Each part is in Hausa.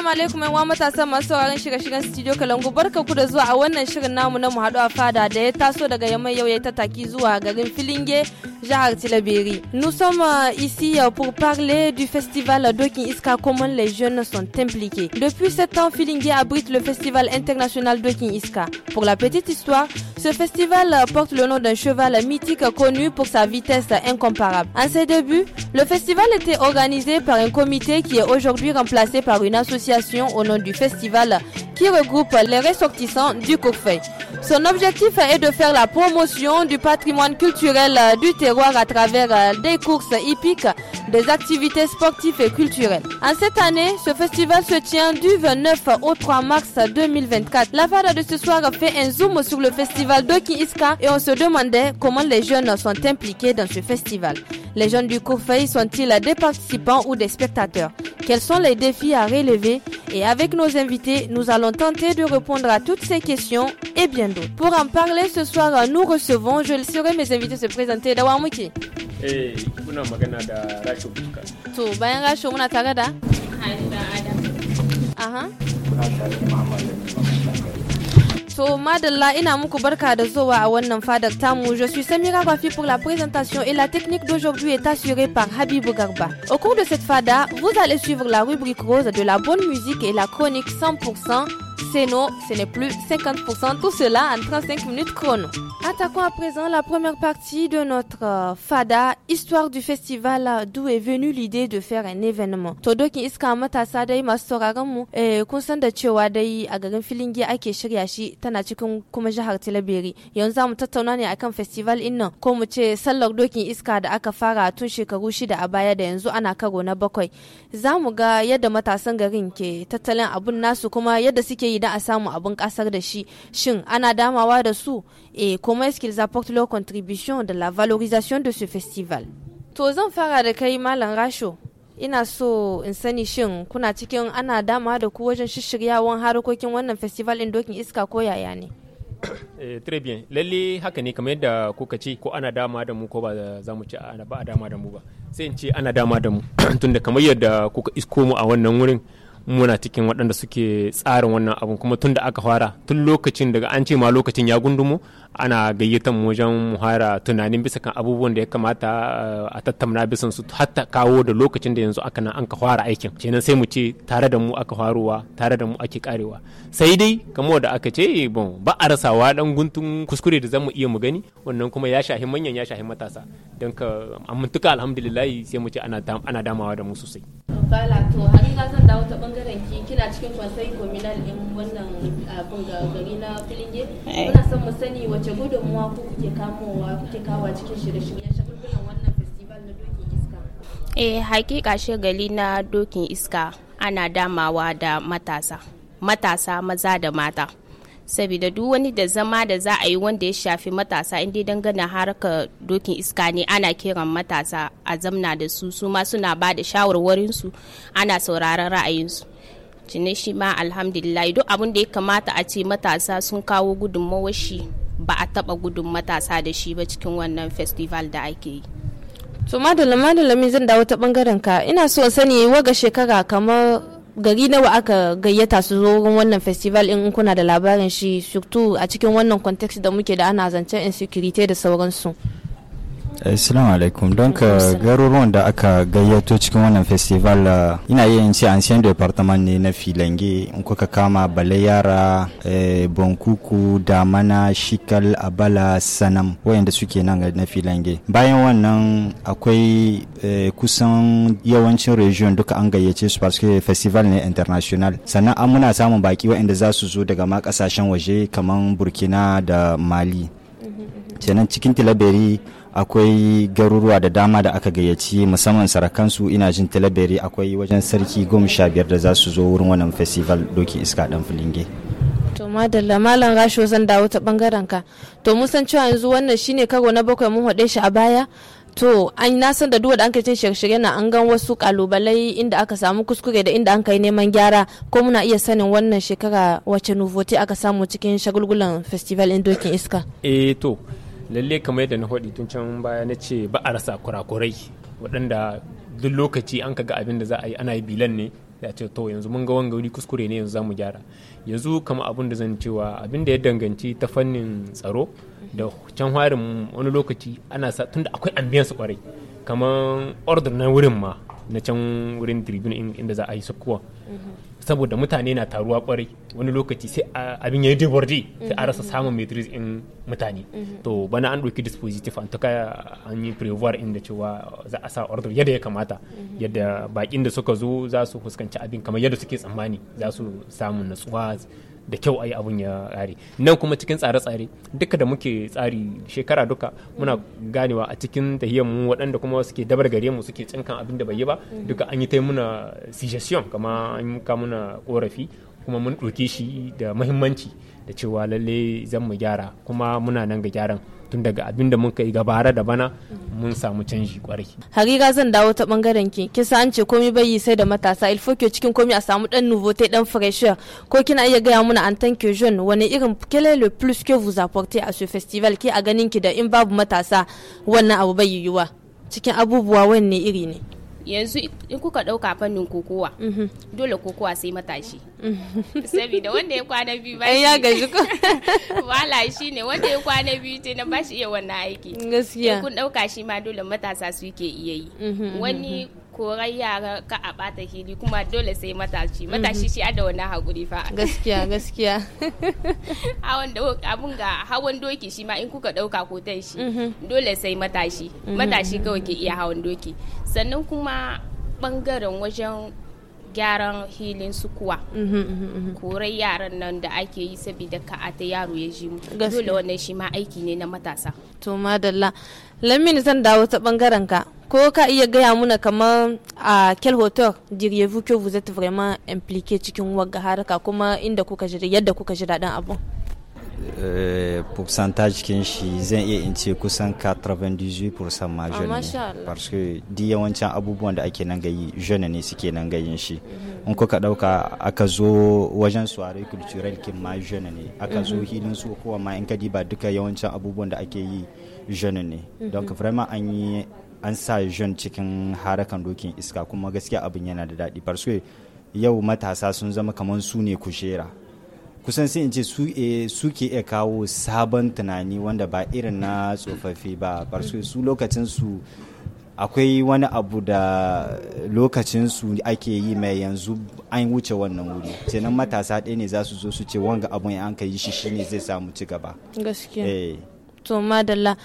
Assalamu alaikum yan matasan masu sauraron shirye shigan Studio Kalangu barka ku da zuwa a wannan shirin namu na mu haɗu a fada da ya taso daga yamai yau ya ta taki zuwa garin Filinge Nous sommes euh, ici euh, pour parler du festival Dokin Iska, comment les jeunes sont impliqués. Depuis sept ans, Fillingé abrite le festival international Dokin Iska. Pour la petite histoire, ce festival porte le nom d'un cheval mythique connu pour sa vitesse incomparable. En ses débuts, le festival était organisé par un comité qui est aujourd'hui remplacé par une association au nom du festival qui regroupe les ressortissants du Kourfei. Son objectif est de faire la promotion du patrimoine culturel du terrain à travers euh, des courses hippiques, des activités sportives et culturelles. En cette année, ce festival se tient du 29 au 3 mars 2024. La fada de ce soir fait un zoom sur le festival Doki Iska et on se demandait comment les jeunes sont impliqués dans ce festival. Les jeunes du Kofei sont-ils des participants ou des spectateurs Quels sont les défis à relever Et avec nos invités, nous allons tenter de répondre à toutes ces questions et bien d'autres. Pour en parler ce soir, nous recevons, je le serai, mes invités se présenter. Dawamouki. Eh, tamu. Je suis Samira Rafi pour la présentation et la technique d'aujourd'hui est assurée par Habib Garba. Au cours de cette fada, vous allez suivre la rubrique rose de la bonne musique et la chronique 100% c'est non, ce n'est plus 50%. Tout cela en 35 minutes chrono. Attaquons à présent la première partie de notre euh, FADA, histoire du festival euh, d'où est venue l'idée de faire un événement. Todoki iska matasa dai masu sauraron mu eh kun san da cewa dai a garin Filingi ake shirya shi tana cikin kuma jihar Tilaberi. Yanzu za tattauna ne akan festival in nan ko mu ce sallar dokin iska da aka fara tun shekaru shida a baya da yanzu ana karo na bakwai. Za mu ga yadda matasan garin ke tattalin abun nasu kuma yadda suke zai yi da a samu abin kasar da shi shin ana damawa da su e eh, kuma est-ce qu'ils apportent leur contribution de la valorisation de ce festival to zan fara da kai malam rasho ina so in sani shin kuna cikin ana dama da ku wajen shishiryawan harkokin wannan festival ɗin dokin iska ko yaya ne eh, très bien lalle haka ne kamar yadda kuka ce ko ana dama da mu ko ba za mu ci ba a dama da mu ba sai in ce ana dama da mu tunda kamar yadda kuka isko mu a wannan wurin muna cikin waɗanda suke tsarin wannan abun kuma tun da aka fara tun lokacin daga an ce ma lokacin ya gundumo ana gayyatan mu wajen muhara tunanin bisa kan abubuwan da ya kamata eh, a tattauna bisan su hatta kawo da lokacin da yanzu aka nan an ka fara aikin kenan sai mu ce tare da mu aka faruwa tare da mu ake karewa sai dai kamar da aka ce eh, bon ba a rasawa dan guntun kuskure da zamu iya mu gani wannan kuma ya shahi manyan ya shahi matasa don ka amintuka alhamdulillah sai mu ce ana damawa da mu sosai bala to harika zan dawo ta bangaren ki kina cikin kwasai communal din wannan abin ga gari na filinge eh. muna son mu sani wace gudunmuwa ku kuke kamowa kuke kawa cikin shirye-shiryen shagulgulan wannan festival na dokin iska eh hakika shagali na dokin iska ana damawa da matasa matasa maza da mata saboda duk wani da zama da za a yi wanda ya shafi matasa inda dai dangana harkar dokin iska ne ana kiran matasa a zamna da su su ma suna ba da shawarwarin su ana sauraron ra'ayinsu cine shi ma alhamdulillah duk abin da ya kamata a ce matasa sun kawo gudunmawar shi ba a taba gudun matasa da shi ba cikin wannan festival da ake yi to madalla madalla zan dawo ta bangaren ka ina so sani waga shekara kamar gari nawa aka gayyata su zo wannan festival in kuna da labarin shi surtout a cikin wannan context da muke da ana zancen insecurity da sauransu Assalamu alaikum. Donc garuruwan da aka gayyato cikin wannan festival eh, ina yin in an ancien département ne na Filange in kuka kama Balayara, eh, Bonkuku, Damana, Shikal, Abala, Sanam wayanda suke nan na Filange. Bayan wannan akwai eh, kusan yawancin region duka an gayyace su parce que festival ne international. Sannan an muna samun baki wayanda za su zo daga ma kasashen waje kamar Burkina da Mali. Sannan mhm, mhm. cikin Tilaberi akwai garuruwa da dama da aka gayyaci musamman sarakansu ina jin talabari akwai wajen sarki goma sha biyar da za su zo wurin wannan festival doki iska dan filinge to madalla malam rasho zan dawo ta bangaren ka to mun san cewa yanzu wannan shine karo na bakwai mun haɗe shi a baya to an na san da duwa da an kai shirye-shirye na an gan wasu kalubalai inda aka samu kuskure da inda an kai neman gyara ko muna iya sanin wannan shekara wacce nuvoti aka samu cikin shagulgulan festival in dokin iska eh to lalle kamar yadda na faɗi tun can baya na ce ba a rasa kurakurai waɗanda duk lokaci an ka ga abin da za a yi ana yi bilan ne ya ce to yanzu mun ga wanga wuri kuskure ne yanzu za mu gyara yanzu kama abin da zan cewa abin da ya danganci ta fannin tsaro da can harin wani lokaci ana sa tun da akwai ambiyansu kwarai kamar order na wurin ma na can wurin tribune inda za a yi sukuwa mm-hmm. saboda mutane na taruwa kwarai wani lokaci sai abin yayi debordi sai a rasa samun matrix in mutane mhm. to bana an ɗauki dispositif an tuka an yi prevoir inda cewa za a sa order yadda ya kamata mhm. yadda bakin da suka zo za su fuskanci abin kamar yadda suke tsammani za su samu natsuwa da kyau ayi abun ya kare nan kuma cikin tsare-tsare duka da muke tsari shekara duka muna ganewa a cikin tahiyar mu waɗanda kuma suke dabar gare mu suke cinkan abin da bai yi ba mm-hmm. duka an yi ta muna suggestion kama an yi muna korafi kuma mun ɗauke shi da muhimmanci da cewa lalle zan mu gyara kuma muna nan ga gyaran tun daga abin da muka yi gabara da bana mun samu canji kwarai hakika zan dawo ta bangaren ki kisa an ce komai bai yi sai da matasa ilfo ke cikin komai a samu dan te dan fraîcheur ko kina iya gaya muna an tanke jeune wani irin quel le plus que vous apportez à ce festival ki a ganin ki da in babu matasa wannan abu bai yiwuwa cikin abubuwa wanne iri ne yanzu in kuka ɗauka fannin kokowa mhm. dole kokowa sai matashi mhm. saboda wanda ya kwana biyu ba eh, ya gaji ko wala shi ne wanda ya kwana biyu ce na ba shi iya wannan aiki gaskiya kun ɗauka shi ma dole matasa su ke iya yi mhm, wani korai yara ka a bata hili kuma dole sai matashi matashi shi ada wani hakuri fa gaskiya gaskiya A wanda abun ga hawan doki shi ma in kuka dauka ko shi dole sai matashi matashi kawai ke iya hawan doki sannan kuma bangaren wajen gyaran hilin su kuwa mhm, mhm, mhm. korai yaran nan da ake yi saboda ka a ta yaro ya ji dole wannan shi ma aiki ne na matasa to madalla lamin zan dawo ta bangaren ka ko ka iya gaya muna kamar a kel hotel diriyevu que vous êtes vraiment impliqué cikin wagga haraka kuma inda kuka jira yadda kuka ji daɗin abu Eh, pourcentage kin shi zan iya in ce kusan 98% ma ah, jeune ne parce que di yawancin abubuwan da ake nan gayi jeune ne suke nan gayin shi mhm. in kuka dauka aka zo wajen soirée culturelle kin ma jeune ne aka zo mhm. hilin su kowa ma in ka diba duka yawancin abubuwan da ake yi jeune ne mhm. donc vraiment an yi an sa jeune cikin harakan dokin iska kuma gaskiya abin yana da daɗi parce que yau matasa sun zama kamar su ne kushera kusan sai in ce eh, su ke iya kawo sabon tunani wanda ba irin na tsofaffi ba bar su lokacin su akwai wani abu da lokacinsu ake yi mai yanzu an wuce wannan wuri kenan matasa ɗaya ne za su zo su ce wanga abun an ka yi shi shine zai samu ci gaba to madalla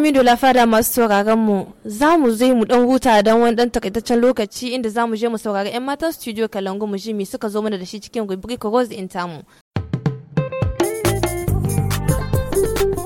mi da lafada masu sauraron mu za mu zai mu dan huta don wani dan takaitaccen lokaci inda za mu je mu saurari yan matan studio kalangu mu ji mi suka zo mana da shi cikin ko rose in tamu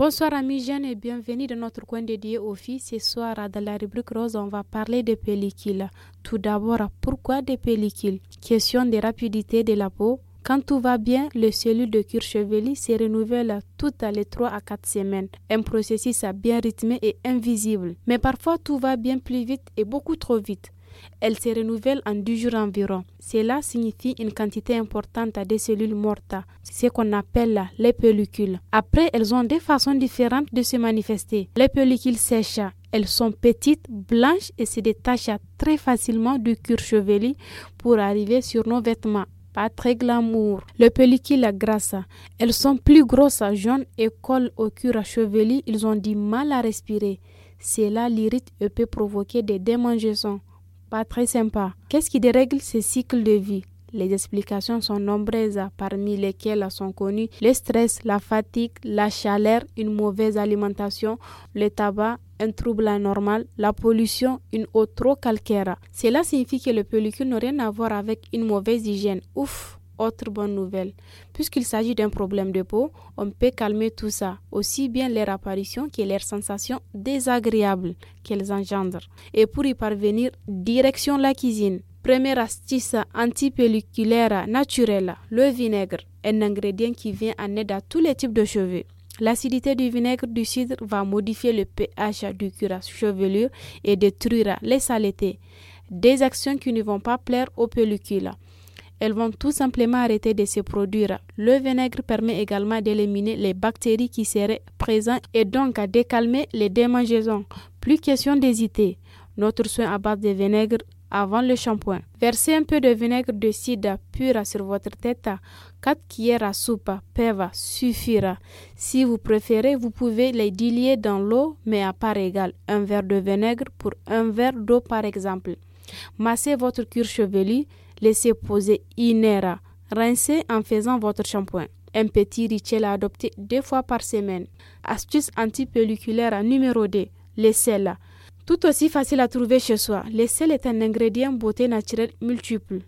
Bonsoir amis jeunes et bienvenue dans notre coin dédié aux filles. Ce soir, dans la rubrique rose, on va parler des pellicules. Tout d'abord, pourquoi des pellicules Question de rapidité de la peau. Quand tout va bien, le cellules de Kircheveli chevelu se renouvellent toutes les 3 à 4 semaines. Un processus bien rythmé et invisible. Mais parfois, tout va bien plus vite et beaucoup trop vite elle se renouvelle en 10 jours environ. Cela signifie une quantité importante de cellules mortes, ce qu'on appelle les pellicules. Après, elles ont des façons différentes de se manifester. Les pellicules sèchent. elles sont petites, blanches et se détachent très facilement du cuir chevelu pour arriver sur nos vêtements pas très glamour. Les pellicules grasses, elles sont plus grosses, jaunes et collent au cuir chevelu. Ils ont du mal à respirer. Cela l'irrite et peut provoquer des démangeaisons pas très sympa. Qu'est-ce qui dérègle ces cycles de vie les explications sont nombreuses, parmi lesquelles sont connues le stress, la fatigue, la chaleur, une mauvaise alimentation, le tabac, un trouble anormal, la pollution, une eau trop calcaire. Cela signifie que le pellicule n'a rien à voir avec une mauvaise hygiène. Ouf autre bonne nouvelle. Puisqu'il s'agit d'un problème de peau, on peut calmer tout ça, aussi bien leur apparition que leurs sensations désagréables qu'elles engendrent. Et pour y parvenir, direction la cuisine. Première astuce antipelliculaire naturelle, le vinaigre, un ingrédient qui vient en aide à tous les types de cheveux. L'acidité du vinaigre du cidre va modifier le pH du cuir chevelu et détruira les saletés, des actions qui ne vont pas plaire aux pellicules elles vont tout simplement arrêter de se produire. Le vinaigre permet également d'éliminer les bactéries qui seraient présentes et donc à décalmer les démangeaisons. Plus question d'hésiter. Notre soin à base de vinaigre avant le shampoing. Versez un peu de vinaigre de cidre pur sur votre tête. 4 cuillères à soupe peuvent suffira. Si vous préférez, vous pouvez les diluer dans l'eau, mais à part égale. Un verre de vinaigre pour un verre d'eau, par exemple. Massez votre cuir chevelu, Laissez poser une Rincez en faisant votre shampoing. Un petit rituel à adopter deux fois par semaine. Astuce antipelliculaire numéro 2. L'aisselle. Tout aussi facile à trouver chez soi, sel est un ingrédient beauté naturelle multiple.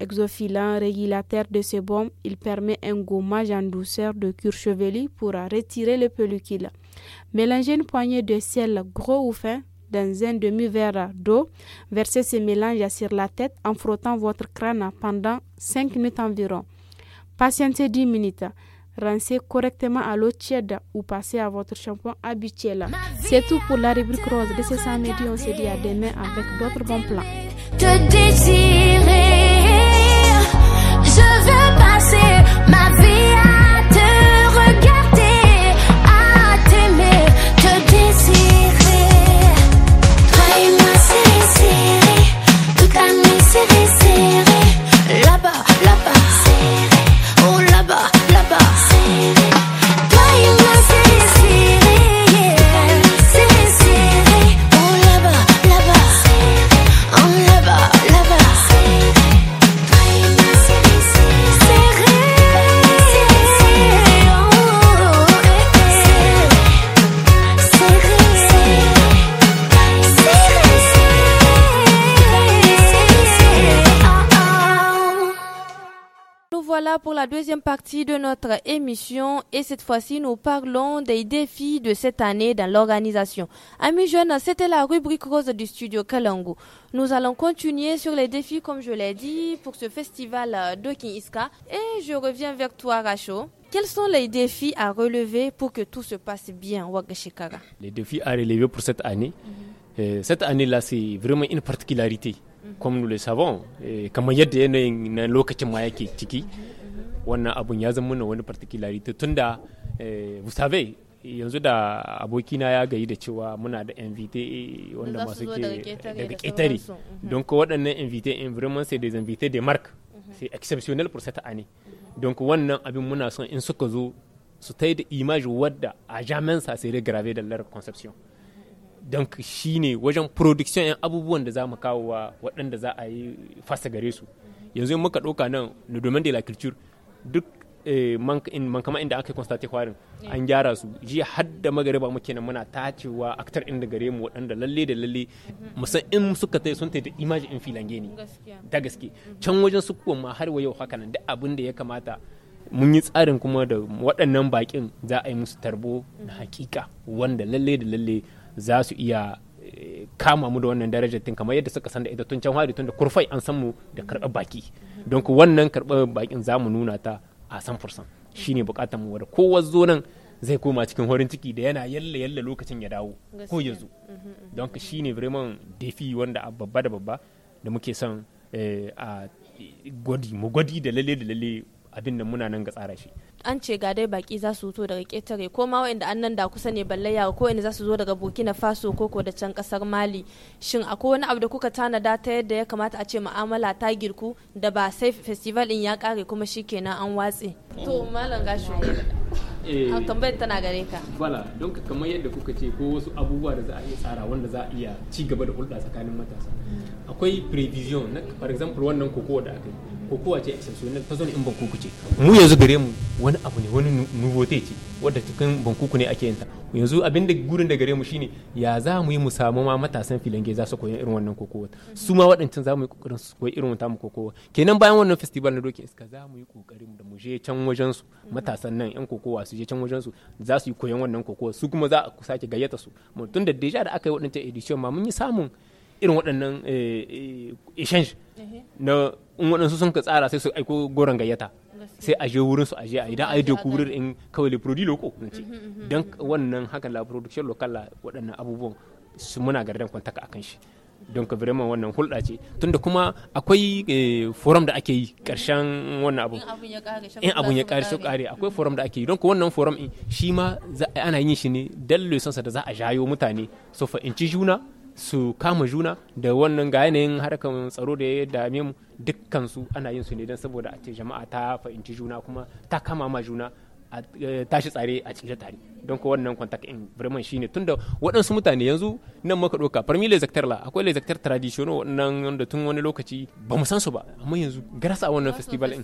Exophilant, régulateur de sébum, il permet un gommage en douceur de cure chevelu pour retirer le pellicule. Mélangez une poignée de sel gros ou fin dans un demi-verre d'eau. Versez ce mélange sur la tête en frottant votre crâne pendant 5 minutes environ. Patientez 10 minutes. Rincez correctement à l'eau tiède ou passez à votre shampoing habituel. C'est tout pour la rubrique rose de ce samedi. On se dit à demain avec d'autres bons plans. la deuxième partie de notre émission et cette fois-ci nous parlons des défis de cette année dans l'organisation. Amis jeunes, c'était la rubrique rose du studio Kalangu. Nous allons continuer sur les défis comme je l'ai dit pour ce festival de Iska et je reviens vers toi Racho. Quels sont les défis à relever pour que tout se passe bien Wagashikara Les défis à relever pour cette année mhm. euh, cette année-là c'est vraiment une particularité. Mhm. comme nous le savons y il des na qui wannan abun ya zama wani particularity tunda eh, vous savez yanzu da abokina ya gayi da cewa muna da invite eh, wanda masu ke daga ƙetare mhm. don ko waɗannan invite eh, in vraiment c'est des invités de marque mhm. c'est exceptionnel pour cette année donc wannan abin muna son in suka zo su ta da image wadda a jamen sa sai gravé da leur conception donc shine wajen production yan abubuwan da za mu kawo wa waɗanda za a yi fasa gare su yanzu in muka ɗauka nan le domaine de la culture duk eh, mankama inda aka konstate kwarin an gyara su ji hadda da magariba muke nan muna tacewa aktar inda gare mu waɗanda lalle da lalle mm-hmm. musan in suka tai sun yi da imaji in filange ne da gaske mm-hmm. can wajen su kuwa ma har yau haka nan duk abin da ya kamata mun yi tsarin kuma da waɗannan bakin za a yi musu tarbo na mm-hmm. hakika wanda lalle da lalle za su iya kama mu da wannan darajar tun kamar yadda suka san da ita tun can hari tun da kurfai an san mu da karɓar baki don ku wannan karɓar bakin za mu nuna ta a san fursan shine bukatar mu wanda kowa zo nan zai koma cikin horin ciki da yana yalla yalla lokacin ya dawo ko ya zo mm-hmm, mm-hmm. don ka shine vraiment defi wanda a babba da babba da muke son eh, a gwadi mu gwadi da lalle da lalle abin da muna nan ga tsara shi an ce ga dai baki za su fito daga ketare ko ma wa'anda an nan da kusa ne balle yawa ko inda za su zo daga burkina faso ko ko da can kasar mali shin akwai wani abu da kuka tanada ta yadda ya kamata a ce mu'amala ta girku da ba sai festival in ya kare kuma shikenan an watse to malam gashi eh, a tambayar tana gare ka bala don kamar yadda kuka ce ko wasu abubuwa da za a iya tsara wanda za a iya ci gaba da hulɗa tsakanin matasa mm. akwai prevision na for example wannan kokowa da aka yi kokowa ce exceptional ta zone in bankuku ce mu yanzu gare mu wani abu ne wani nuvote ce wadda cikin bankuku ne ake yin ta yanzu abin da gurin da gare mu shine ya za mu yi mu samu ma matasan filange za su koyi irin wannan kokowa su ma waɗancan za mu yi kokarin su koyi irin tamu kokowa kenan bayan wannan festival na dokin iska za mu yi kokarin da mu je can wajen su matasan nan yan kokowa su je can wajen su za su yi koyon wannan kokowa su kuma za a sake gayyata su mu tun da deja da aka yi waɗancan edition ma mun yi samun irin waɗannan eh, eh, exchange na in waɗansu sun ka tsara sai su aiko goron gayyata sai a je wurin su a je a idan ai découvrir in kawai le produit local ce dan wannan haka la production local la waɗannan abubuwan su muna gardan kwantaka akan shi don ka vraiment wannan hulɗa ce tunda kuma akwai eh, forum da ake yi ƙarshen wannan abu in abun ya ƙare sau ƙare akwai mm-hmm. forum da ake yi don wannan forum shi ma ana yin shi ne dan lesonsa da za a jayo mutane su fa'inci juna su kama juna da wannan ga yanayin harkar tsaro da ya dame mu dukkan su ana yin su ne don saboda a ce jama'a ta fahimci juna kuma ta kama ma juna a eh, tashi tsare a cikin tare don ko wannan kwantak in vraiment shine tunda waɗansu mutane yanzu nan muka ɗauka parmi le zaktar la akwai le zaktar traditionnels wannan wanda tun wani lokaci ba mu san su ba amma yanzu grass a wannan festival in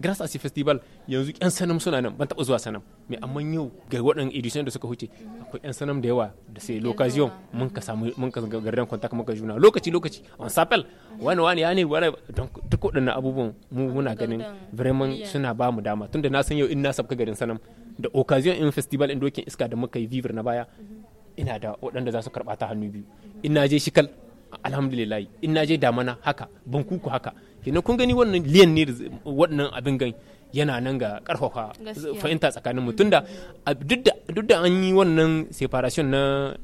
grass a si festival yanzu ƴan sanam suna nan ban taɓa zuwa sanam me amma yau ga waɗan edition da suka huce mhm. akwai ƴan sanam da yawa da sai l'occasion mhm. mun ka samu mun ka gardan kwantak muka juna lokaci lokaci on sapel mhm. wani wani ya ne wani don duk waɗannan abubuwan mu muna ganin vraiment suna ba mu dama tunda na san yau in na sabka garin in sanam da occasion in festival in dokin iska da muka yi vivir na baya ina da waɗanda za su karɓa ta hannu biyu in na je shikal alhamdulillahi in na je damana haka kuku haka kenan kun gani wannan liyan ne waɗannan abin gan yana nan ga karfafa fahimta tsakanin mutum da duk da an yi wannan separation na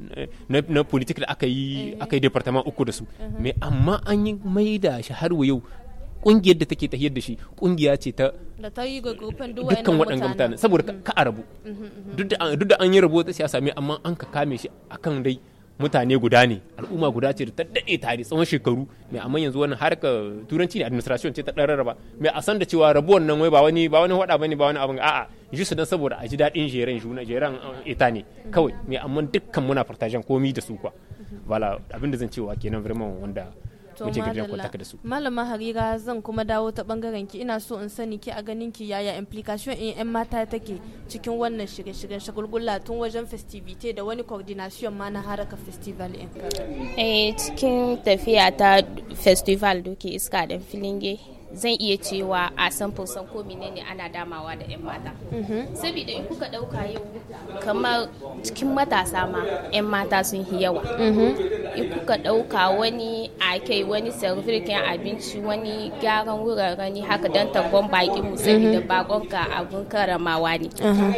na politik da aka yi eh. aka yi departament uku da su uh-huh. me amma an yi mai da shi har yau kungiyar da take tahiyar da shi kungiya ce ta dukkan waɗanda mutane saboda ka a rabu mm-hmm, mm-hmm. duk da an yi rabu ta siyasa mai amma an ka kame shi akan dai mutane guda ne al'umma guda ce da ta daɗe tare tsawon shekaru mai amma yanzu wani harka turanci ne administration ce ta ɗan rarraba mai a san da cewa rabuwan nan wai ba wani ba wani hwada bane ba wani abin a'a su dan saboda a ji daɗin jeren juna jeren uh, ita ne mm-hmm. kawai mai amma dukkan muna fartajen komi da su kwa wala abin da zan cewa kenan vraiment wanda wajen malama harira zan kuma dawo ta bangaren ki ina so in sani ki a ganin ki yaya implication in yan mata take cikin wannan shirye-shiryen shagulgula tun wajen festivite da wani coordination ma na haraka festival in eh cikin tafiya ta festival doke iska da filinge zan iya cewa a san ko menene ana damawa da 'yan mata mhm. saboda in kuka ɗauka yau kamar cikin matasa ma 'yan mata sun yi yawa mhm. in kuka ɗauka wani a kai wani sarfirkin abinci wani gyaran wuraren haka don tagon baƙi mu saboda mhm. ka abun karamawa ne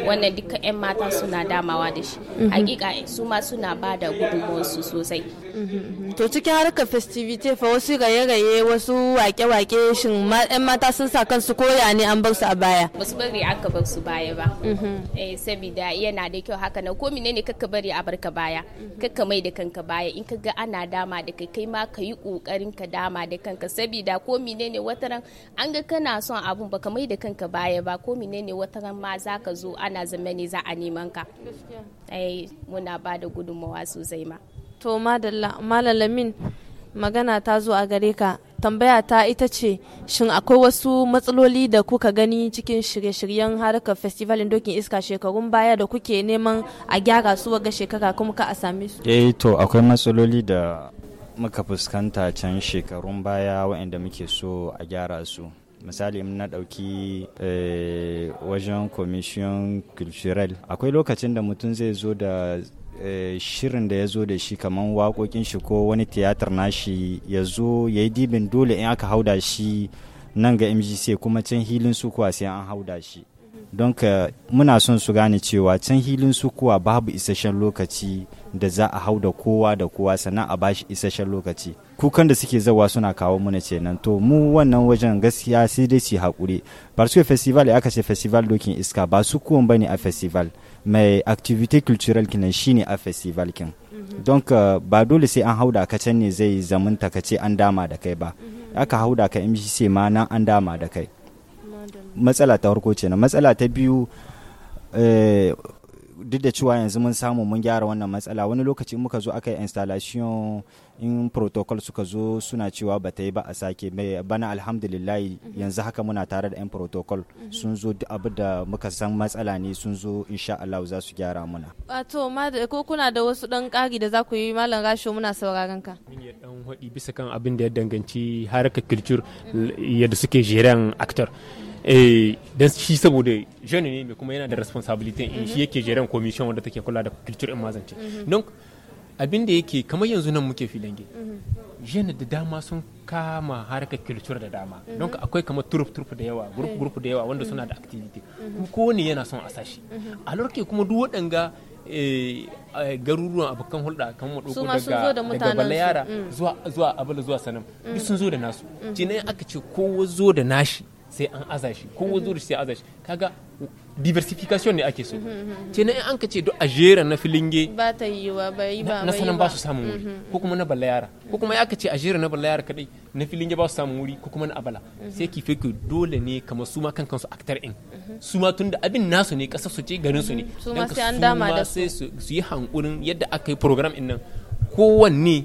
wannan duka 'yan mata suna damawa da shi hakika su ma suna ba da gudunmuwarsu sosai Mm-hmm. to cikin harkar festivity fa wasu raye-raye wasu wake-wake shin yan mata sun sa kansu koya ne an bar su a baya ba su bari aka bar su baya ba mm-hmm. eh saboda yana da kyau haka na ko ne kaka bari a barka baya mm-hmm. Kakka mai da kanka baya in ka ga ana dama da kai kai ma ka yi kokarin ka dama da kanka saboda ko wataran an ga kana son abun baka mai da kanka baya ba ko menene wataran ma zaka zo ana zama ne za a neman ka eh muna ba da gudunmawa sosai ma to malalamin magana ta zo a gare ka tambaya ta ita ce shin akwai wasu matsaloli da kuka gani cikin shirye-shiryen harkar festivalin dokin iska shekarun baya da kuke neman a gyara su ga shekara kuma ka a same su eh to akwai matsaloli da muka fuskanta can shekarun baya waɗanda muke so a gyara su misali na ɗauki eh, wajen commission cultural akwai lokacin da mutum zai zo da Eh, shirin da ya zo da shi kamar waƙoƙin shi ko wani tiyatar nashi ya zo ya yi dibin dole in aka hau da shi nan ga mgc kuma can hilin sukuwa sai an hauda shi don ka muna son su gane cewa can hilin sukuwa babu isasshen lokaci da za a hau da kowa da kowa sannan a bashi isasshen lokaci kukan da suke zawa suna kawo muna kenan to mu wannan wajen gaskiya sai dai su haƙuri yi festival aka ce festival dokin iska ba su ba ne a festival mai activity cultural kinan shine a festival kin mhm. don euh, ba dole sai an hauda ka can ne zai zamanta ka ce an dama da kai ba mhm. aka hauda ka mgc ma nan an dama da kai matsala ta farko ce na matsala ta biyu eh, duk da cewa yanzu mun samu mun gyara wannan matsala wani lokaci muka zo aka yi installation in protocol suka zo suna cewa ba ta yi ba a sake bana alhamdulillahi mhm. yanzu haka muna tare da 'yan protocol mhm. sun zo duk abu da muka san matsala ne sun zo insha Allah za su gyara muna wato ko kuna da wasu dan kari da za ku yi malam rasho muna sauraron ka dan hadi bisa kan abin da ya danganci harkar culture yadda suke jiran actor eh shi saboda jeune ne mai kuma yana da responsibility in shi yake jeren commission wadda take kula da culture in mazance mhm. don abin da yake kamar yanzu nan muke filange mhm. jeune da dama sun kama harkar culture da dama mhm. don akwai kamar turup turup da yawa group group da yawa wanda suna da activity kuma kowane yana son a sashi a lokacin kuma duk waɗanga eh, eh, garuruwan abokan hulɗa kan ɗauko daga balayara mm. zuwa zuwa abala zuwa sanam duk mm. sun zo da nasu jinai mm. aka ce kowa zo da nashi sai an aza shi ko wuzuri sai aza shi kaga diversification ne ake so ce mhm, mhm, mhm. na an ka ce duk a jera na filinge ba ta yi wa ba yi ba na sanan ba su samun wuri ko kuma na balla yara ko kuma ya ka ce a jera na balla yara kadai na filinge ba su samun wuri ko kuma na abala sai ki fi dole ne kamar su ma kan kansu actor in su ma tunda abin nasu ne kasar su ce garin su ne su ma sai an dama da su su yi hankurin yadda aka yi program din nan kowanne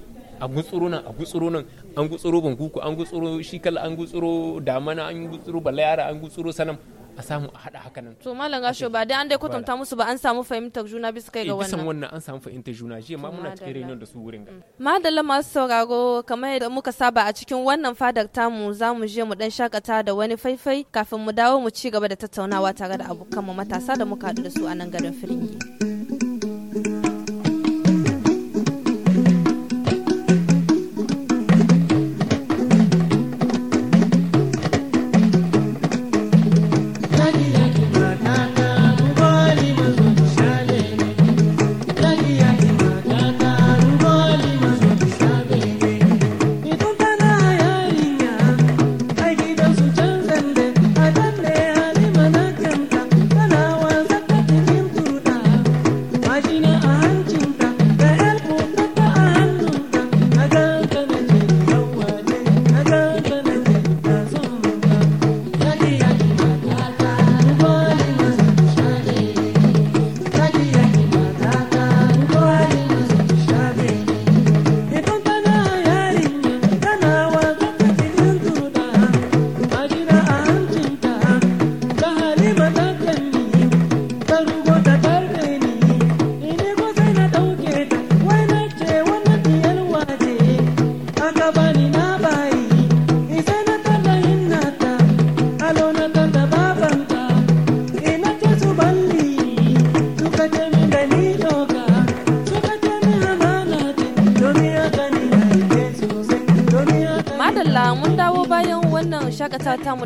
a gutsuro nan a gutsuro nan an gutsuro kuku an gutsuro shikal an gutsuro damana an gutsuro balayara an gutsuro sanam a samu a haɗa hakanan. to malam gasho ba dai an dai kwatanta musu ba an samu fahimtar juna bisa kai ga eh, wannan. bisan wannan an samu fahimtar juna jiya ma muna cikin reunion da su wurin ga. Mm. madalla masu sauraro kamar yadda muka saba a cikin wannan fadar tamu za mu je mu dan shakata da wani faifai kafin mu dawo mu ci gaba da tattaunawa tare da abokanmu matasa da muka haɗu da su a nan garin firingi.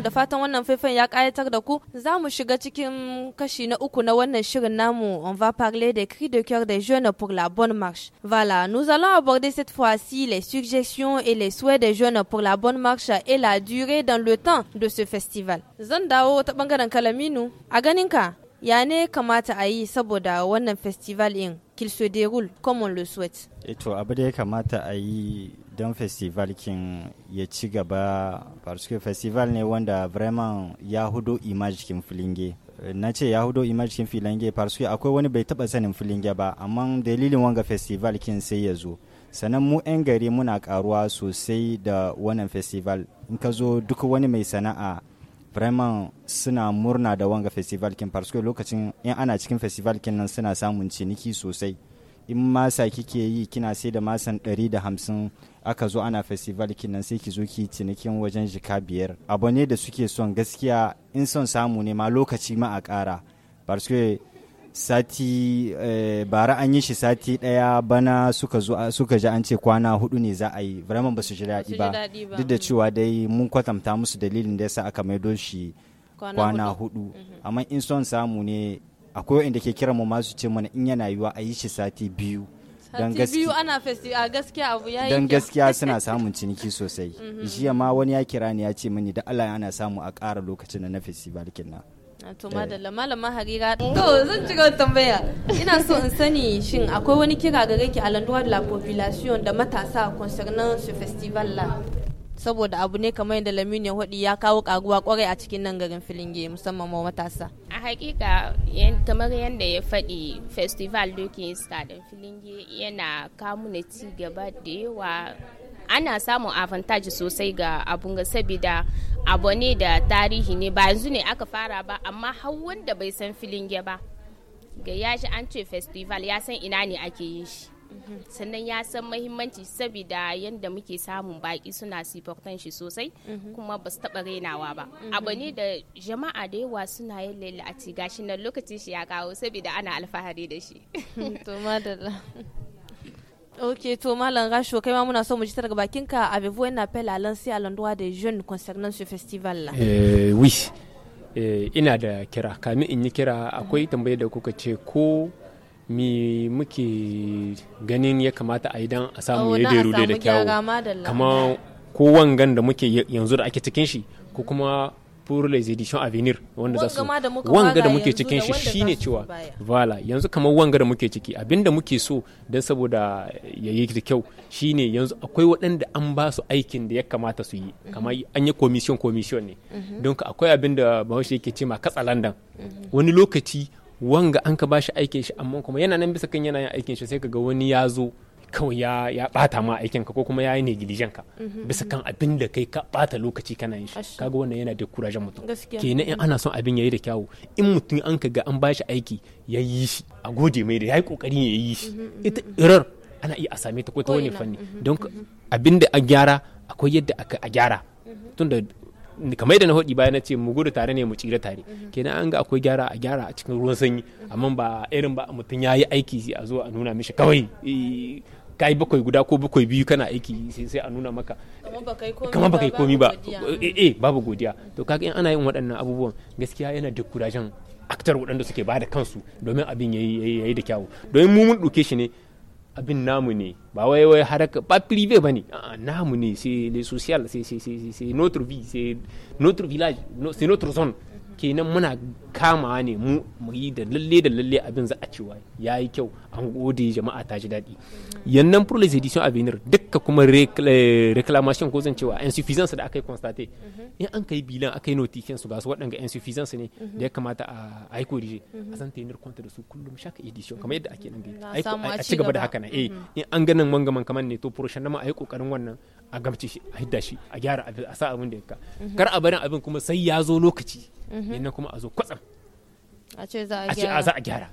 da fatan wannan faifan ya kayatar da ku za mu shiga cikin kashi na uku na wannan shirin namu on va parler des cris de cœur des jeunes pour la bonne marche voilà nous allons aborder cette fois-ci les suggestions et les souhaits des jeunes pour la bonne marche et la durée dans le temps de ce festival zan dawo ta bangaren kalaminu a ganinka ya ne kamata a yi saboda wannan festival in qu'il se déroule comme on le souhaite. Et eh to abade kamata a yi don festival kin ya ci gaba parce festival ne wanda vraiment ya hudo image kin filinge na ce ya hudo image kin filinge parce akwai wani bai taba sanin filinge ba amma dalilin wanga festival kin sai ya zo sannan mu 'yan gari muna karuwa sosai da wannan festival in ka zo duk wani mai sana'a vraiment suna murna da wanga festival kin parce lokacin in ana cikin festival kin nan suna samun ciniki sosai in masa kike yi kina sai da masan 150 aka zo ana festival kinan sai ki zo ki cinikin wajen jika biyar abu ne da suke son gaskiya in son samu ne ma lokaci ma a ƙara parce sati eh, bara an yi shi sati ɗaya bana suka ji an ce kwana hudu ne za a yi vraiment ba su ji daɗi ba duk da cewa dai mun kwatanta musu dalilin da yasa aka maido shi kwana hudu mhm. amma in son samu ne akwai wa'inda ke kira mu masu ce mana in yana yiwa a yi shi sati biyu don gaskiya gaskiya suna samun ciniki sosai mhm. jiya ma wani ya kira ni ya ce mani da Allah ana samu a ƙara lokacin na festival kinna to madalla eh. malama harira to zan ci gaba tambaya ina so in sani shin akwai wani kira gareki ki a landuwa la population da matasa concernant su festival la saboda abu ne kamar yadda lamini ya ya kawo karuwa kwarai a cikin nan garin filinge musamman ma matasa hakika kamar yadda ya faɗi festival duke iska da filinge yana kamuna ci gaba da yawa ana samun avantage sosai ga abun ga sabida abu ne da tarihi ne ba yanzu ne aka fara ba amma har wanda bai san filinge ba ga ya an ce festival ya san ina ne ake yin shi sannan ya san mahimmanci saboda yadda muke samun baki suna sifartan shi sosai kuma ba su taɓa rainawa ba abu ne da jama'a da yawa suna yin lalle a ci gashi nan lokacin shi ya kawo saboda ana alfahari da shi to madalla Ok, to Malam Rasho, kai ma muna so mu ji daga bakinka, avez-vous un appel a lansi a l'endroit da jeunes concernant ce festival la Eh, oui, eh, ina da kira, kamin in yi kira akwai tambayar da kuka ce ko mi muke ganin ya kamata a idan a samu ya deru da kyawu kama ko wangan da muke yanzu da ake cikin shi ko kuma pour les éditions avenir wanda za su wanga da muke cikin shi shine cewa vala yanzu kamar wanga da muke ciki abinda muke so don saboda ya yi da kyau shine yanzu akwai waɗanda an ba su aikin da ya kamata su yi mhm. kamar an yi commission commission ne mhm. don akwai abinda bahaushe yake ce ma katsa landan mhm. wani lokaci wanga an ka bashi aikin shi amma kuma yana nan bisa kan yana yin aikin shi sai ka ga wani ya zo kawai ya ya bata ma aikin ka ko kuma ya yi neglijen ka mhm, bisa mhm. kan abin da kai ka bata lokaci kana yin shi kaga wannan yana da kurajen mutum kenan in ana son abin yayi da kyawu in mutum an ka ga an bashi aiki yayi yi shi a gode mai da yayi kokari ya yi shi mhm, ita irar ana iya a same ta ko ta wani fanni don abin da a gyara akwai yadda aka a gyara tunda kamar yadda na hudi bayan na ce mu gudu tare ne mu tsira tare kenan an ga akwai gyara a gyara a cikin ruwan sanyi amma ba irin ba mutum ya yi aiki a zo a nuna mishi kawai eh, ka bakwai guda ko bakwai biyu kana aiki sai a nuna maka kamar baka yi komi ba eh, eh babu godiya to kaga in ana yin waɗannan abubuwan gaskiya yana da kurajen aktar waɗanda suke ba da kansu domin abin ya da kyawu domin mu mun ɗauke shi ne abin namu ne ba wai wai haraka ba privé ba ne namu c'est le social c'est notre vie c'est notre village c'est notre zone kenan muna kamawa ne mu mu yi da lalle da lalle abin za a cewa ya yi kyau an gode jama'a ta ji daɗi yannan pour les éditions à venir dukka kuma eh, reclamation ko zan cewa insuffisance da aka yi constate in an kai bilan aka yi notification su ga su waɗanga insuffisance ne da ya kamata a yi rije a san tenir kwanta da su kullum shaka edition kamar yadda ake nan dai a ci gaba da haka na eh mhm. in an ganin mangaman kamar ne to furoshan nama a yi kokarin wannan a gamce shi a hidda shi a gyara a sa abin da ya ka kar a barin abin kuma sai ya zo lokaci mhm. ina kuma a zo kwatsam a ce za a gyara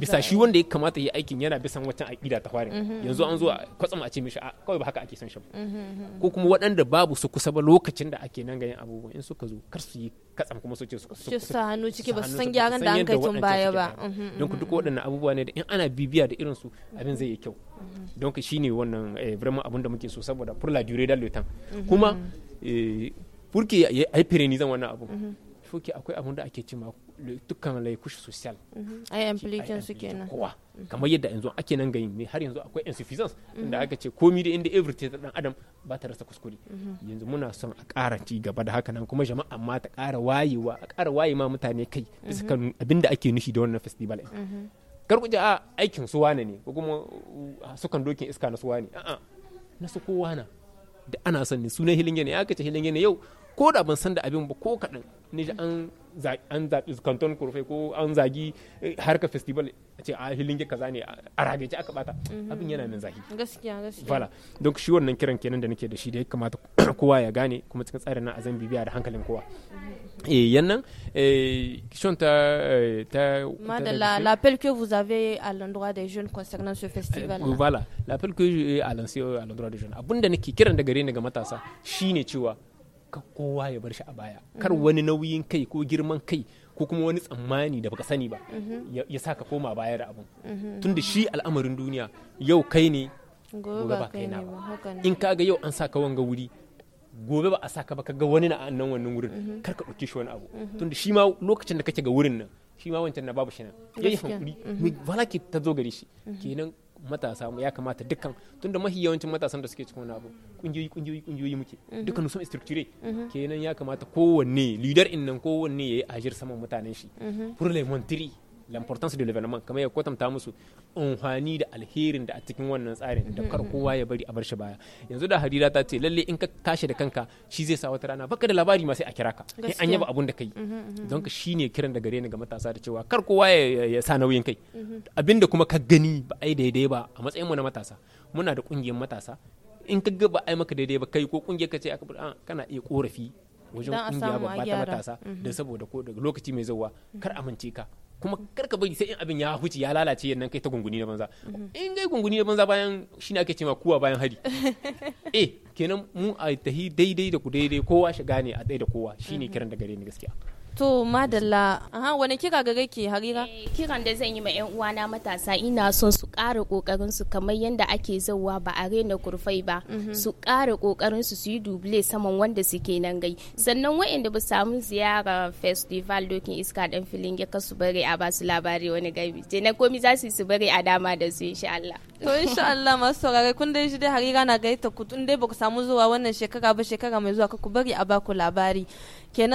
bisa shi wanda ya kamata ya aikin yana bisan wancan aƙida ta farin mhm, yanzu an mhm. zo kwatsam a ce mishi a kawai ba haka ake son shi ba mhm, ko kuma waɗanda babu su kusa ba lokacin da ake nan ganin abubuwa in suka zo kar su yi katsam kuma su ce su sa hannu ciki ba su san gyaran da an kai tun baya ba don ku duk waɗannan abubuwa ne da in ana bibiya da irin su abin zai yi kyau don ka shine wannan birnin eh, abin da muke so saboda pour la durée dans le temps kuma burke eh, que ya yi zan wannan abu faut akwai abin da ake cima dukkan laikushi social a implikin su kenan kowa mm-hmm. kamar yadda yanzu ake nan gayin ne har yanzu akwai insuffisance mm-hmm. inda aka ce komi da inda everything ta dan adam ba ta rasa kuskure mm-hmm. yanzu muna son a ƙara ci gaba da haka nan kuma jama'a ma ta ƙara wayewa a ƙara waye ma mutane kai bisa kan abinda ake nishi da wannan festival din kar ku ji a ah, aikin su wane ne ko kuma ah, sukan dokin iska na su wane a'a na su kowa na da ana son ne sunan hilinge ne aka ce hilinge ne yau ko da ban san da abin ba ko kaɗan ni an an zaɓi kanton kurfe ko an zagi eh, harkar festival a ce a ah, hilinge kaza ne a ragace aka bata mhm. abin yana min zahi gaskiya gaskiya bala don shi wannan kiran kenan da nake da shi da ya kamata kowa ya gane kuma cikin tsarin na azan bibiya da hankalin kowa mhm. eh yannan eh question ta eh, ta la l'appel que vous avez à l'endroit des jeunes concernant ce festival là euh, voilà l'appel que j'ai à l'endroit des jeunes abinda nake kiran da gare ni ga matasa shine cewa kowa ya bar shi a baya kar wani nauyin kai ko girman kai ko kuma wani tsammani da baka sani ba ya sa ka koma baya da abin tunda shi al'amarin duniya yau kai ne gobe ba kai na ba in ka ga yau an sa ka wanga wuri gobe ba a sa ka ba ka ga wani na nan wannan wurin kar ka dauke shi wani abu tunda shi ma lokacin da kake ga wurin nan shi ma wancan na babu shi nan yayi hankuri wala mhm. ke ta zo gare shi kenan matasa ya kamata dukkan tunda mahi yawancin matasan da suke cikin wani abu kungiyoyi kungiyoyi kungiyoyi muke mhm. dukkan sun structure mhm. kenan ya kamata kowanne leader in nan kowanne yayi ajir saman mutanen shi mhm. pour les l'importance du development kamar ya kwatanta musu unhani da alherin da a cikin wannan tsarin da kar kowa ya bari a bar shi baya yanzu da harira ta ce lalle in ka tashi da kanka shi zai sa wata rana baka da labari ma sai a kira ka in an yaba abun da kai don ka shine kiran da gare ni ga matasa da cewa kar kowa ya sa nauyin kai mm-hmm. abinda kuma ka gani ba ai daidai ba a matsayin mu na matasa muna da kungiyar matasa in ka ga ba ai maka daidai ba kai ko kungiyar ka ce kana iya korafi wajen kungiya ba ta matasa mm-hmm. da saboda ko da lokaci mai zauwa kar mm-hmm. amince ka kuma kar ka bari sai in abin ya huce ya lalace yannan kai ta gunguni na banza mhm. in kai gunguni na banza bayan shine ake cewa kuwa bayan hari eh kenan mu a tahi daidai da ku daidai kowa shiga ne a tsaye da kowa shine mhm. kiran da gare ni gaskiya To madalla, aha wani kika ga ke harira? Eh, kiran da zan yi ma 'yan uwana matasa ina son su ƙara kokarin su kamar yadda ake zauwa ba a rena kurfai ba, mhm. su ƙara kokarin su su yi duble saman wanda suke nan gai. Sannan waɗanda ba samu ziyara festival dokin iska dan filin ya kasu bare a ba su labari wani gaibi. Je na komi za su su bare a dama da su insha Allah. To insha Allah masu saurare kun dai shi dai harira na gaita ku tun dai ba ku samu zuwa wannan shekara ba shekara mai zuwa ka ku bari a ba ku labari. Amis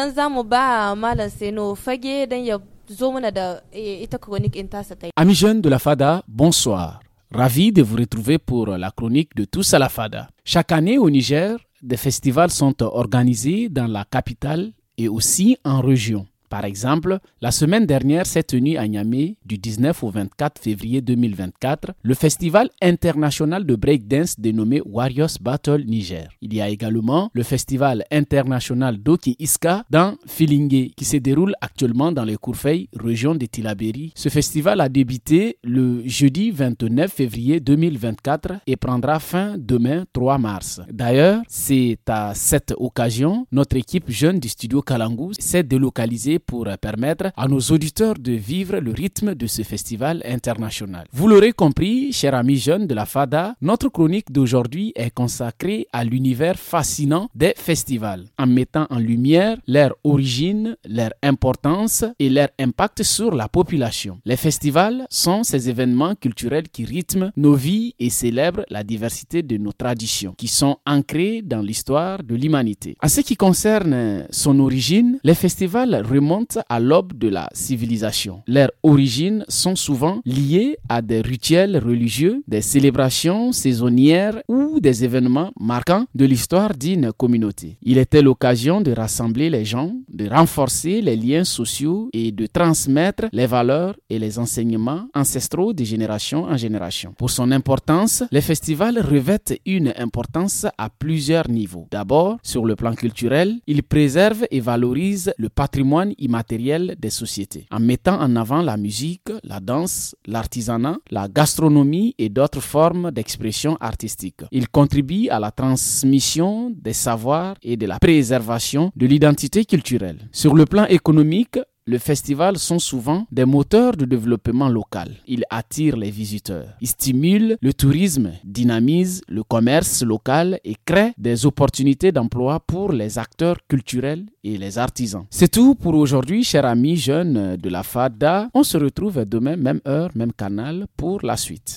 jeunes de la FADA, bonsoir. Ravi de vous retrouver pour la chronique de Tous à la FADA. Chaque année au Niger, des festivals sont organisés dans la capitale et aussi en région. Par exemple, la semaine dernière s'est tenue à Niamey, du 19 au 24 février 2024, le festival international de breakdance dénommé Warriors Battle Niger. Il y a également le festival international d'Oki Iska dans Filingue, qui se déroule actuellement dans les Courfeuilles, région de Tilaberi. Ce festival a débuté le jeudi 29 février 2024 et prendra fin demain 3 mars. D'ailleurs, c'est à cette occasion, notre équipe jeune du studio Kalangou s'est délocalisée pour permettre à nos auditeurs de vivre le rythme de ce festival international. Vous l'aurez compris, chers amis jeunes de la FADA, notre chronique d'aujourd'hui est consacrée à l'univers fascinant des festivals, en mettant en lumière leur origine, leur importance et leur impact sur la population. Les festivals sont ces événements culturels qui rythment nos vies et célèbrent la diversité de nos traditions, qui sont ancrées dans l'histoire de l'humanité. En ce qui concerne son origine, les festivals remontent à l'aube de la civilisation. Leurs origines sont souvent liées à des rituels religieux, des célébrations saisonnières ou des événements marquants de l'histoire d'une communauté. Il était l'occasion de rassembler les gens, de renforcer les liens sociaux et de transmettre les valeurs et les enseignements ancestraux de génération en génération. Pour son importance, les festivals revêtent une importance à plusieurs niveaux. D'abord, sur le plan culturel, ils préservent et valorisent le patrimoine immatérielle des sociétés, en mettant en avant la musique, la danse, l'artisanat, la gastronomie et d'autres formes d'expression artistique. Il contribue à la transmission des savoirs et de la préservation de l'identité culturelle. Sur le plan économique, le festival sont souvent des moteurs de développement local. Ils attirent les visiteurs, ils stimulent le tourisme, dynamisent le commerce local et créent des opportunités d'emploi pour les acteurs culturels et les artisans. C'est tout pour aujourd'hui, chers amis jeunes de la FADA. On se retrouve demain, même heure, même canal, pour la suite.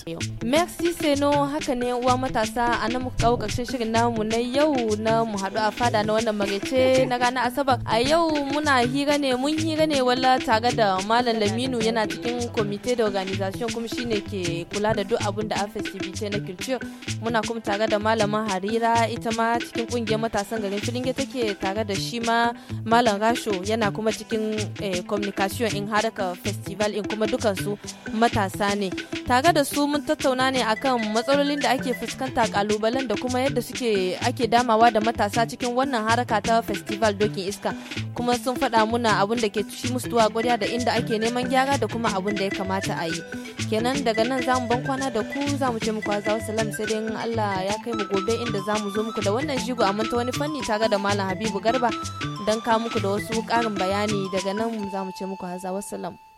Merci Hakane, walla tare da Malam Laminu yana cikin komite da organization kuma shine ke kula da duk abun da festivite na culture. Muna kuma tare da Malamin Harira ita ma cikin kungiyar matasan garin Filinge take tare da shi ma Malam Rasho yana kuma cikin eh, communication in haraka festival in kuma dukansu matasa ne. Tare da su mun tattauna ne akan matsalolin da ake fuskanta kalubalen da kuma yadda suke ake damawa da matasa cikin wannan haraka ta festival dokin iska kuma sun faɗa muna abun da ke shi mustuwa gwada da inda ake neman gyara da kuma abin da ya kamata a yi kenan daga nan zamu ban kwana da ku zamu ce muku azza salam sai dai Allah ya kai mu gobe inda zamu zo muku da wannan jigo amma ta wani fanni tare da malam Habibu Garba dan ka muku da wasu karin bayani daga nan zamu ce muku azza salam.